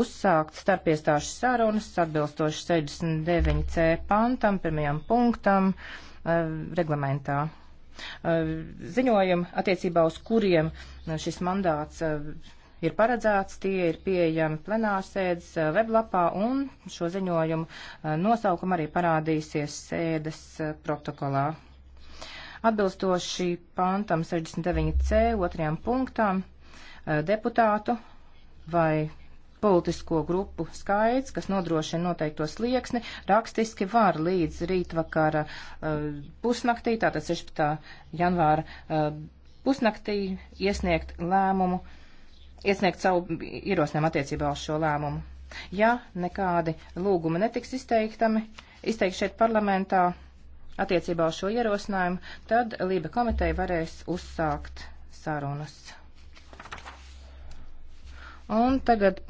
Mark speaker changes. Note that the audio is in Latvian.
Speaker 1: uzsākt starpiestāšu sarunas atbilstoši 69c pantam, pirmajam punktam reglamentā. Ziņojumi attiecībā uz kuriem šis mandāts ir paredzēts, tie ir pieejami plenārsēdes weblapā un šo ziņojumu nosaukumu arī parādīsies sēdes protokolā. Atbilstoši pantam 69c otrajam punktam deputātu vai Politisko grupu skaits, kas nodrošina noteikto slieksni, rakstiski var līdz rītvakara uh, pusnaktī, tātad 16. janvāra uh, pusnaktī iesniegt lēmumu, iesniegt savu ierosinājumu attiecībā uz šo lēmumu. Ja nekādi lūgumi netiks izteiktami, izteikti šeit parlamentā attiecībā uz šo ierosinājumu, tad Lība komiteja varēs uzsākt sarunas. Un tagad